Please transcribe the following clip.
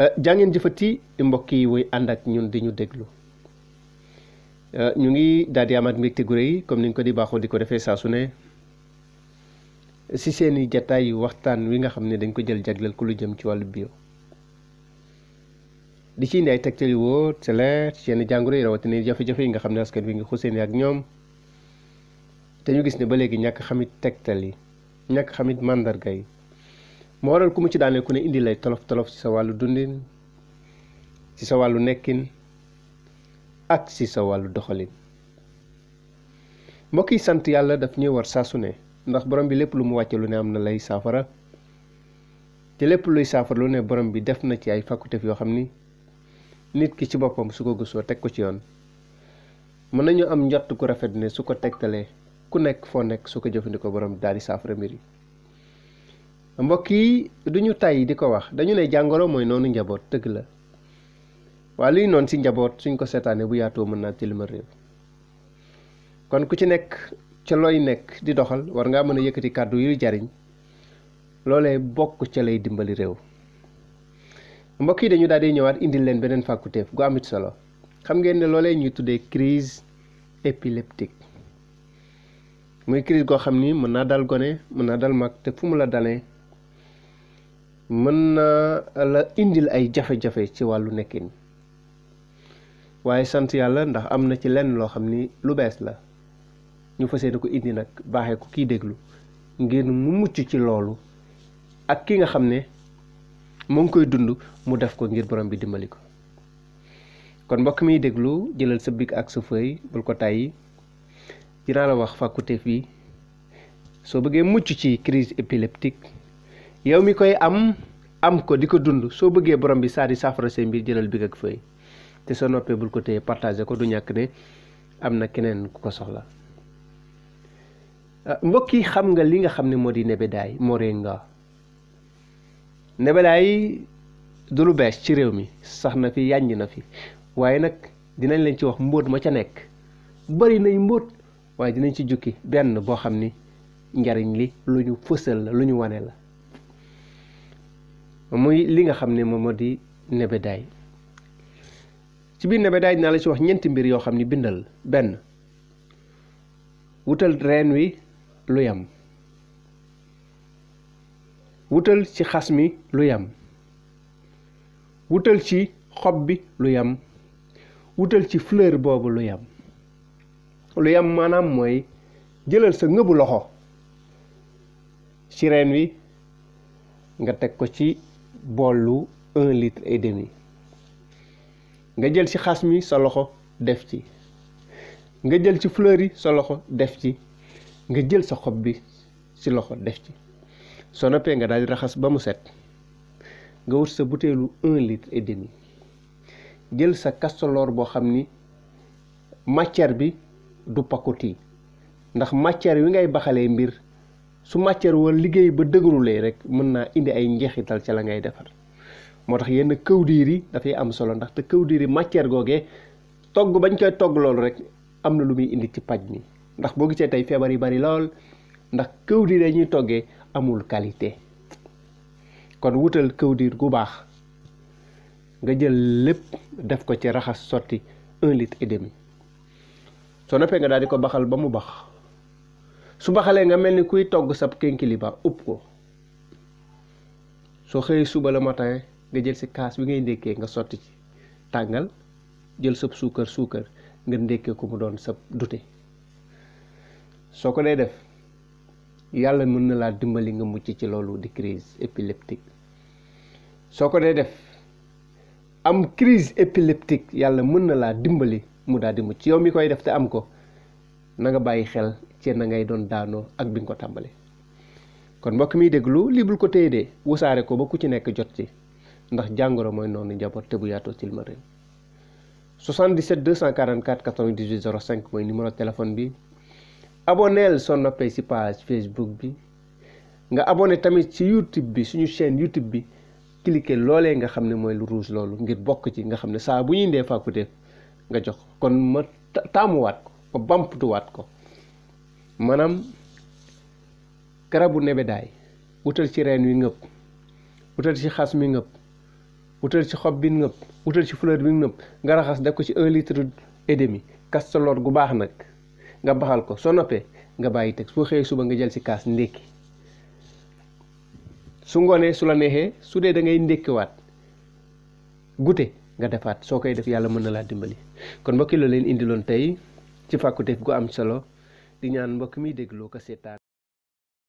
Euh, jàngeen ngeen jëfati mbokk yi wuy ànd ak ñun di ñu déglu euh, ñu ngi daal di amaat mbégte gu yi comme ni ñu ko di baaxoo di ko defee saasu ne si seeni jataay waxtaan wi nga xam ne dañ ko jël jagleel ku lu jëm ci wàllu bio di ci indi ay tegtal yu wóor ci leer yenn jàngoro yi rawatina jafe-jafe yi nga xam ne askan wi nga xuseen ak ñoom te ñu gis ne ba léegi ñàkk xamit tegtal yi ñàkk xamit màndarga yi moo waral ku mu ci daaneel ku ne indi lay tolof tolof ci sa wàllu dundin ci sa wàllu nekkin ak ci sa wàllu doxalin mbokk yi sant yàlla daf ñuy war sasu ne ndax borom bi lépp lu mu wàcce lu ne am na lay saafara te lépp luy saafara lu ne borom bi def na ci ay facultés yoo xam ni nit ki ci boppam su ko gëstoo teg ko ci yoon mën nañu am njott ku rafet ne su ko tegtalee ku nekk foo nekk su ko jëfandikoo borom daal di saafara mbir yi. mbokk yi duñu tay di ko wax dañu ne jàngoro mooy noonu njaboot tëgg la waa luy noonu si njaboot suñ ko seetaanee bu yaatoo mën naa tilima réew kon ku ci nekk ca looy nekk di doxal war ngaa mën a yëkkati kàddu yuy jariñ loolee bokk ca lay dimbali réew mbokk yi dañu daal di ñëwaat indil leen beneen fàkkuteef gu amit solo xam ngeen ne loolee ñuy tuddee crise épileptique muy crise goo xam ni mën naa dal gone mën naa dal mag te fu mu la dalee mën na la indil ay jafe-jafe ci wàllu nekkin waaye sant yàlla ndax am na ci lenn loo xam ni lu bees la ñu fas yéene ko indi nag baaxee ko kiy déglu ngir mu mucc ci loolu ak ki nga xam ne mu ngi koy dund mu def ko ngir borom bi dimbali ko kon mbokk mi déglu jëlal sa bic ak sa feuille bul ko tàyyi dinaa la wax faculté fii soo bëggee mucc ci crise épileptique yow mi koy am am ko di ko dund soo bëggee borom bi saa di saafara seen mbir jëlal bi ak fëy te soo noppee bul ko téye partagé ko du ñàkk ne am na keneen ku ko soxla ah, mbokk yi xam nga li nga xam ne moo di nebedaay moringa nebedaay du lu bees ci réew mi sax na fi yàññ na fi waaye nag dinañ leen ci wax mbóot ma ca nekk bari nay mbóot waaye dinañ ci jukki benn boo xam ni njariñ li lu ñu fësal la lu ñu wanee la muy li nga xam ne moom moo di nebedaay ci biir nebedaay dinaa la ci wax ñenti mbir yoo xam ni bindal benn wutal reen wi lu yam wutal ci xas mi lu yam wutal ci xob bi lu yam wutal ci fleur boobu lu yam lu yam maanaam mooy jëlal sa ngëbu loxo ci reen wi nga teg ko ci boolu un litre et demi nga jël ci xas mi sa loxo def ci nga jël ci fleur sa loxo def ci nga jël sa xob bi ci loxo def ci soo noppee nga daal di raxas ba mu set nga wut sa butéelu un litre et demi jël sa kasteloor boo xam ni matière bi du pakoti ndax matière wi ngay baxalee mbir su matière wala liggéey ba dëgërulee rek mën naa indi ay njeexital ca la ngay defar moo tax yenn kawdiir yi dafay am solo ndaxte kawdiir yi matière googee togg bañ koy togg loolu rek am na lu muy indi ci paj mi ndax boo gisee tey feebar yi bari lool ndax kawdiir yi ñuy toggee amul qualité kon wutal kawdiir gu baax nga jël lépp def ko ci raxas sotti un litre et demi soo noppee nga daal di ko baxal ba mu bax suba baxalee nga mel ni kuy togg sab kénkiliba upp ko soo xëyee suba la matin nga jël si kaas bi ngay ndékkee nga sotti ci tàngal jël sab suukar suukar nga ndékkee ko mu doon sab dute soo ko dee def yàlla mën na laa dimbali nga mucc ci loolu di crise épileptique soo ko dee def am crise épileptique yàlla mën na laa dimbali mu daal di mucc yow mi koy def te am ko na nga bàyyi xel ci na ngay doon daanoo ak bi nga ko tàmbali kon mbokk miy déglu lii bul ko téye de wusaare ko ba ku ci nekk jot ci ndax jàngoro mooy noonu njaboot te bu yaatoo silma réew 77 244 98 05 mooy numéro téléphone bi aboneel soo noppee ci page Facebook bi nga abonné tamit ci YouTube bi suñu chaîne YouTube bi cliquer loolee nga xam ne mooy lu ruus loolu ngir bokk ci nga xam ne saa bu ñuy ndee fàkkute nga jox kon ma taamuwaat ko ba bamtuwaat ko maanaam garabu nebedaay wutal ci reen wi ngëpp wutal ci xas mi ngëpp wutal ci xob bi ngëpp wutal ci fleur bi ngëpp nga raxas def ko ci un litre et demi kasteloor gu baax nag nga baxal ko soo noppee nga bàyyi teg soo xëyee suba nga jël ci kaas ndékki su ngoonee su la neexee su dee da ngay ndékkiwaat gute nga defaat soo koy def yàlla mën na laa dimbali kon mbokki loo leen indiloon tey ci fàkkuteef gu am solo di ñaan mbokk mi déglu ko seetaan